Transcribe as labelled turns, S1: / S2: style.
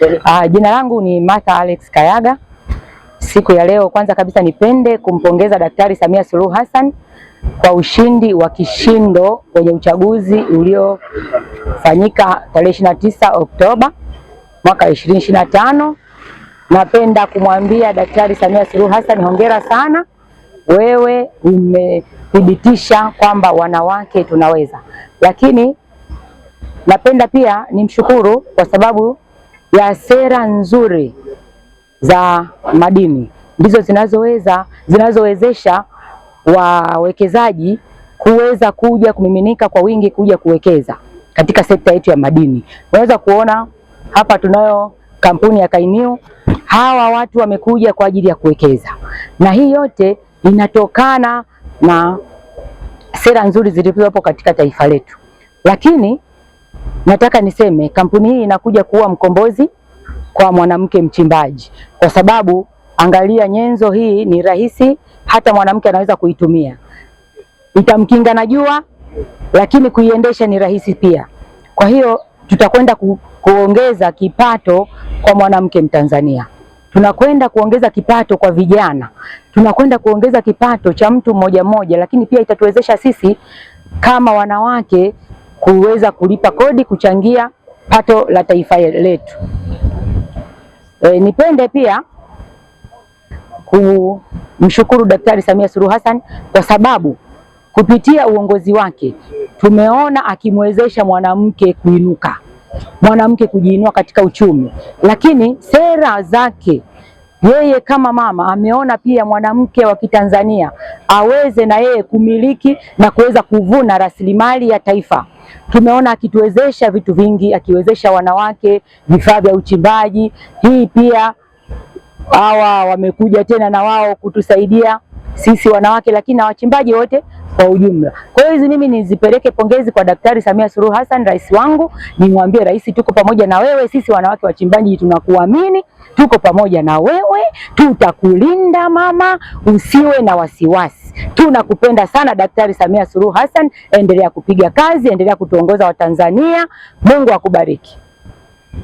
S1: Uh, jina langu ni Martha Alex Kayaga. Siku ya leo kwanza kabisa nipende kumpongeza Daktari Samia Suluhu Hassan kwa ushindi wa kishindo kwenye uchaguzi uliofanyika tarehe 29 Oktoba mwaka 2025. Napenda kumwambia Daktari Samia Suluhu Hassan hongera sana, wewe umethibitisha kwamba wanawake tunaweza. Lakini napenda pia nimshukuru kwa sababu ya sera nzuri za madini ndizo zinazoweza zinazowezesha wawekezaji kuweza kuja kumiminika kwa wingi kuja kuwekeza katika sekta yetu ya madini. Unaweza kuona hapa tunayo kampuni ya Kainiu. Hawa watu wamekuja kwa ajili ya kuwekeza, na hii yote inatokana na sera nzuri zilizopo katika taifa letu, lakini nataka niseme kampuni hii inakuja kuwa mkombozi kwa mwanamke mchimbaji, kwa sababu angalia, nyenzo hii ni rahisi, hata mwanamke anaweza kuitumia, itamkinga na jua, lakini kuiendesha ni rahisi pia. Kwa hiyo tutakwenda ku, kuongeza kipato kwa mwanamke Mtanzania, tunakwenda kuongeza kipato kwa vijana, tunakwenda kuongeza kipato cha mtu mmoja mmoja, lakini pia itatuwezesha sisi kama wanawake kuweza kulipa kodi, kuchangia pato la taifa letu. E, nipende pia kumshukuru Daktari Samia Suluhu Hassan kwa sababu kupitia uongozi wake tumeona akimwezesha mwanamke kuinuka, mwanamke kujiinua katika uchumi, lakini sera zake yeye kama mama ameona pia mwanamke wa Kitanzania aweze na yeye kumiliki na kuweza kuvuna rasilimali ya taifa. Tumeona akituwezesha vitu vingi, akiwezesha wanawake vifaa vya uchimbaji. Hii pia hawa wamekuja tena na wao kutusaidia sisi wanawake, lakini na wachimbaji wote kwa ujumla. Kwa hiyo hizi mimi nizipeleke pongezi kwa Daktari Samia Suluhu Hassan, rais wangu, nimwambie rais, tuko pamoja na wewe. Sisi wanawake wachimbaji tunakuamini, tuko pamoja na wewe, tutakulinda mama, usiwe na wasiwasi. Tunakupenda sana Daktari Samia Suluhu Hassan, endelea kupiga kazi, endelea kutuongoza Watanzania. Mungu akubariki.